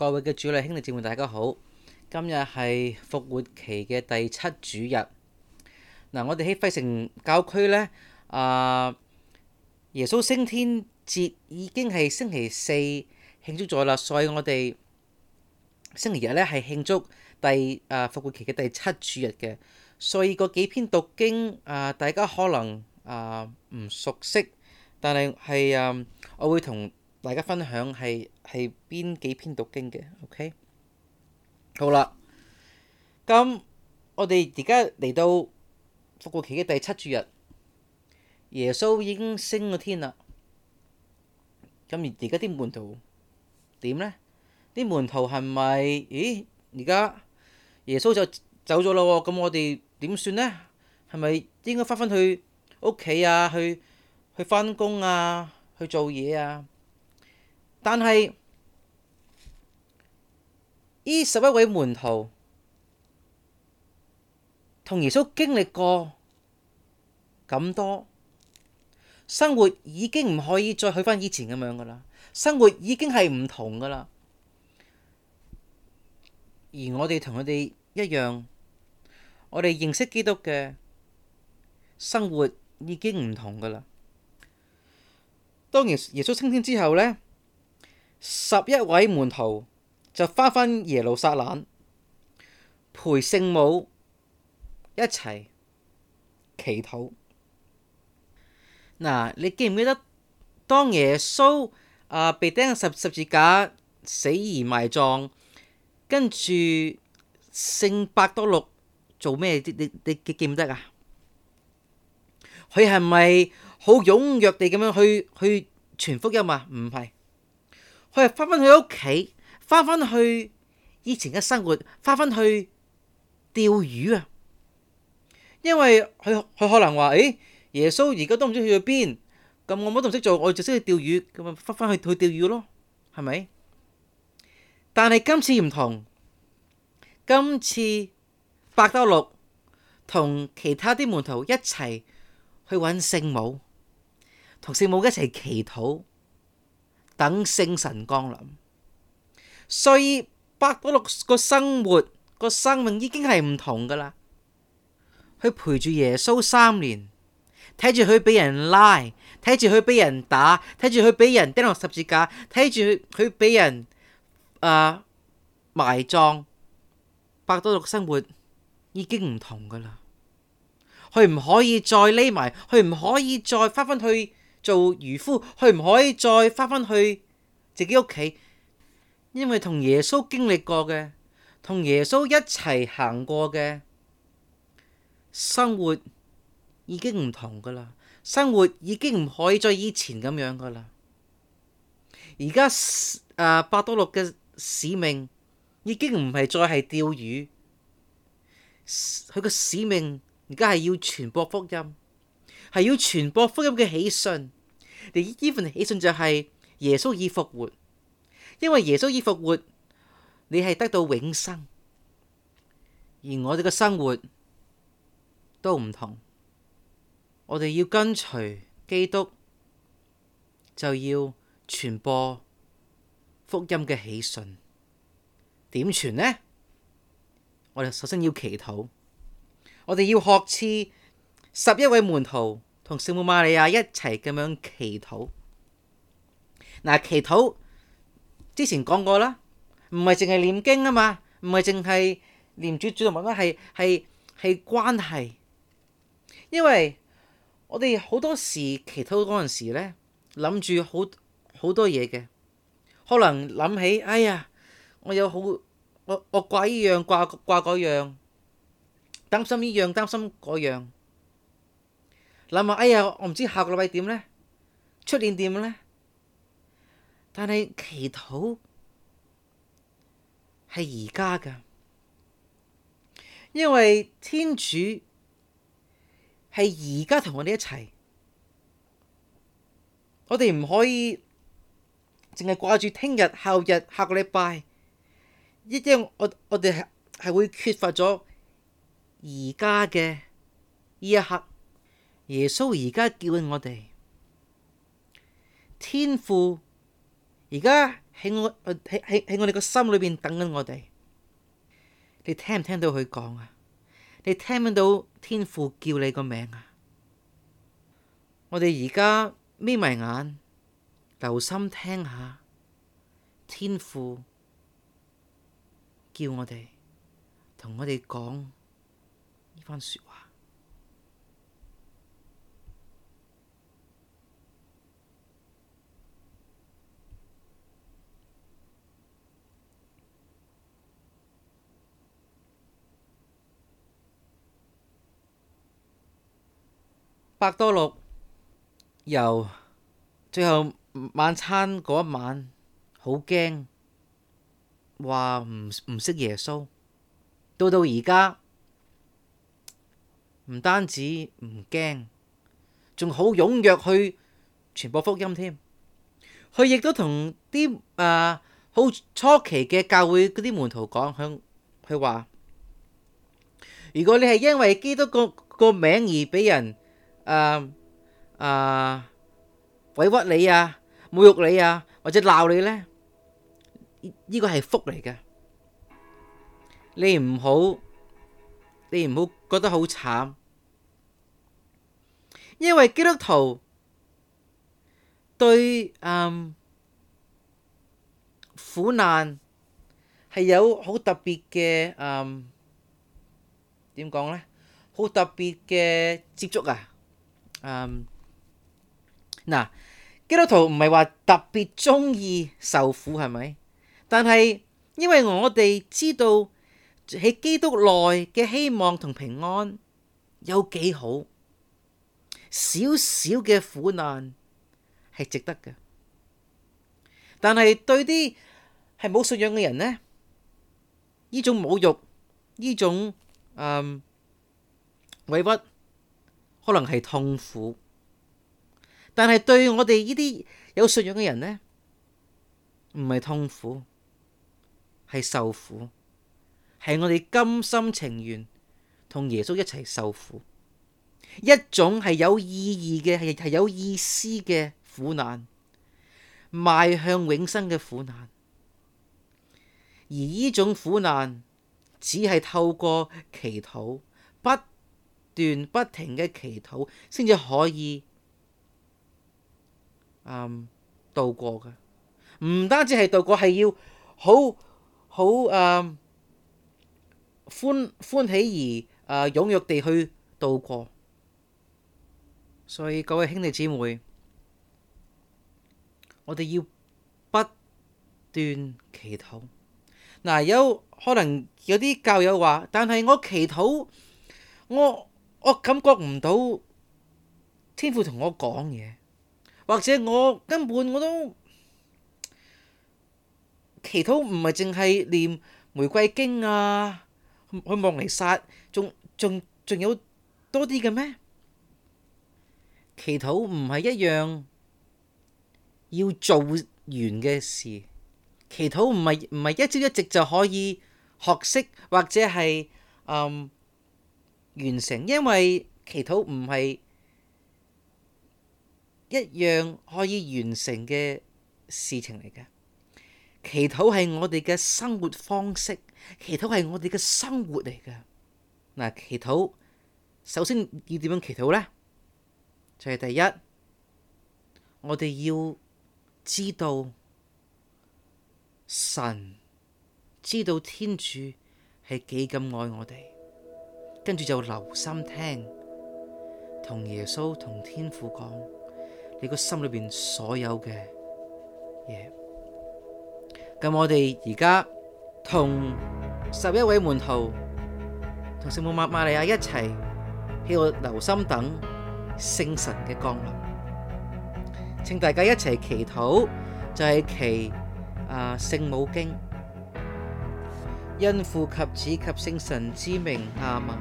各位嘅主禮兄弟姊妹，大家好！今日係復活期嘅第七主日。嗱，我哋喺費城教區呢，啊，耶穌升天節已經係星期四慶祝咗啦，所以我哋星期日呢係慶祝第啊復活期嘅第七主日嘅。所以嗰幾篇讀經啊，大家可能啊唔熟悉，但係係啊，我會同大家分享係。係邊幾篇讀經嘅？OK，好啦，咁我哋而家嚟到復活期嘅第七主日，耶穌已經升咗天啦。咁而家啲門徒點呢？啲門徒係咪？咦，而家耶穌就走咗啦喎。咁我哋點算呢？係咪應該返返去屋企啊，去去返工啊，去做嘢啊？但係呢十一位門徒同耶穌經歷過咁多生活，已經唔可以再去返以前咁樣噶啦。生活已經係唔同噶啦，而我哋同佢哋一樣，我哋認識基督嘅生活已經唔同噶啦。當然，耶穌升天之後呢。十一位門徒就返返耶路撒冷，陪聖母一齊祈禱。嗱，你記唔記得當耶穌啊、呃、被釘十十字架死而埋葬，跟住聖伯多祿做咩？你你，你記唔記得啊？佢係咪好踴躍地咁樣去去傳福音啊？唔係。佢係翻返去屋企，翻返去以前嘅生活，翻返去釣魚啊！因為佢佢可能話，誒、哎，耶穌而家都唔知去咗邊，咁我乜都唔識做，我就識去釣魚，咁咪翻返去去釣魚咯，係咪？但係今次唔同，今次伯多祿，同其他啲門徒一齊去搵聖母，同聖母一齊祈禱。等聖神降臨，所以伯多祿個生活個生命已經係唔同噶啦。佢陪住耶穌三年，睇住佢俾人拉，睇住佢俾人打，睇住佢俾人釘落十字架，睇住佢俾人啊、呃、埋葬。伯多祿生活已經唔同噶啦，佢唔可以再匿埋，佢唔可以再翻返去。做漁夫，佢唔可以再翻返去自己屋企，因為同耶穌經歷過嘅，同耶穌一齊行過嘅生活，已經唔同噶啦。生活已經唔可以再以前咁樣噶啦。而家啊，伯多祿嘅使命已經唔係再係釣魚，佢個使命而家係要傳播福音。係要傳播福音嘅喜訊，呢份喜訊就係耶穌已復活。因為耶穌已復活，你係得到永生，而我哋嘅生活都唔同。我哋要跟隨基督，就要傳播福音嘅喜訊。點傳呢？我哋首先要祈禱，我哋要學識。十一位門徒同聖母瑪利亞一齊咁樣祈禱。嗱，祈禱之前講過啦，唔係淨係唸經啊嘛，唔係淨係唸住主動物啦，係係係關係。因為我哋好多時祈禱嗰陣時呢，諗住好好多嘢嘅，可能諗起哎呀，我有好我我掛依樣掛掛嗰樣，擔心依樣擔心嗰樣。諗下，哎呀，我唔知下個禮拜點呢？出年點呢？但係祈禱係而家噶，因為天主係而家同我哋一齊，我哋唔可以淨係掛住聽日、後日、下個禮拜，一因為我哋係係會缺乏咗而家嘅呢一刻。耶穌而家叫緊我哋，天父而家喺我喺喺我哋個心裏邊等緊我哋，你聽唔聽到佢講啊？你聽唔聽到天父叫你個名啊？我哋而家眯埋眼，留心聽，聽下天父叫我哋，同我哋講呢番說話。伯多祿由最後晚餐嗰一晚好驚，話唔唔識耶穌，到到而家唔單止唔驚仲好踊躍去傳播福音添。佢亦都同啲啊好初期嘅教會嗰啲門徒講，佢話：如果你係因為基督個個名而俾人誒誒，委屈你啊，侮辱你啊，或者鬧你呢，呢個係福嚟嘅。你唔好，你唔好覺得好慘，因為基督徒對誒苦難係有好特別嘅誒，點講呢，好特別嘅接觸啊。嗱、um，基督徒唔係話特別中意受苦係咪？但係因為我哋知道喺基督內嘅希望同平安有幾好，少少嘅苦難係值得嘅。但係對啲係冇信仰嘅人呢，呢種侮辱，呢種、um, 委屈。可能係痛苦，但係對我哋呢啲有信仰嘅人呢，唔係痛苦，係受苦，係我哋甘心情願同耶穌一齊受苦，一種係有意義嘅，係係有意思嘅苦難，邁向永生嘅苦難，而呢種苦難只係透過祈禱先。斷不停嘅祈禱，先至可以啱度過嘅。唔單止係度過，係要好好誒歡歡喜而誒踊躍地去度過。所以各位兄弟姊妹，我哋要不斷祈禱。嗱，有可能有啲教友話，但係我祈禱我。我感覺唔到天父同我講嘢，或者我根本我都祈禱，唔係淨係念玫瑰經啊、去望彌撒，仲仲仲有多啲嘅咩？祈禱唔係一樣要做完嘅事，祈禱唔係唔係一朝一夕就可以學識或者係嗯。完成，因為祈禱唔係一樣可以完成嘅事情嚟嘅。祈禱係我哋嘅生活方式，祈禱係我哋嘅生活嚟嘅。嗱，祈禱首先要點樣祈禱咧？就係第一，我哋要知道神知道天主係幾咁愛我哋。跟住就留心聽，同耶穌同天父講你個心裏邊所有嘅嘢。咁、yeah. 我哋而家同十一位門徒同聖母瑪，瑪利亞一齊喺度留心等聖神嘅降臨。請大家一齊祈禱，就係祈啊聖母經。因父及子及聖神之名阿們。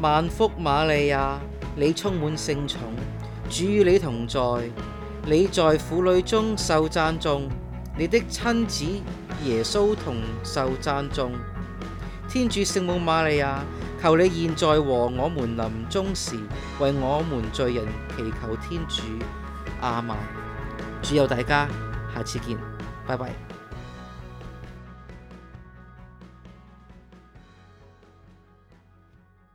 萬福瑪利亞，你充滿聖寵，主與你同在，你在婦女中受讚頌，你的親子耶穌同受讚頌。天主聖母瑪利亞，求你現在和我們臨終時為我們罪人祈求天主阿們。主佑大家，下次見，拜拜。